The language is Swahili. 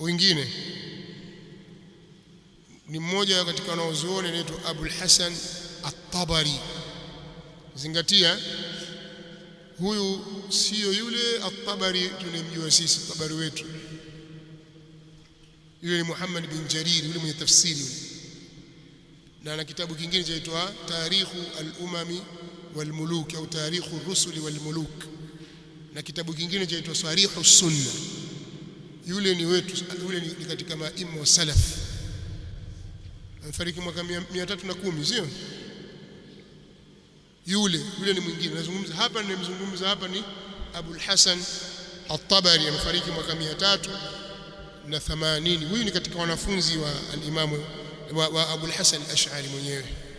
Wengine ni mmoja katika wanaozuoni anaitwa Abul Hasan At-Tabari. Zingatia, huyu siyo yule At-Tabari tunemjua sisi, Tabari wetu yule ni Muhammad bin Jarir yule mwenye tafsiri yule, na ana kitabu kingine chaitwa Tarikhu al-Umami wal-Muluk au Tarikhu ar-Rusuli wal-Muluk, na kitabu kingine chaitwa Sarihu Sunna yule ni wetu, yule ni katika maima wa salaf. Amefariki mwaka mia tatu na kumi, sio yule yule ni mwingine. Nazungumza hapa, nimemzungumza hapa ni Abul Hasan At-Tabari, amefariki mwaka mia tatu na thamanini. Huyu ni katika wanafunzi wa alimamu wa Abul Hasan ashari mwenyewe.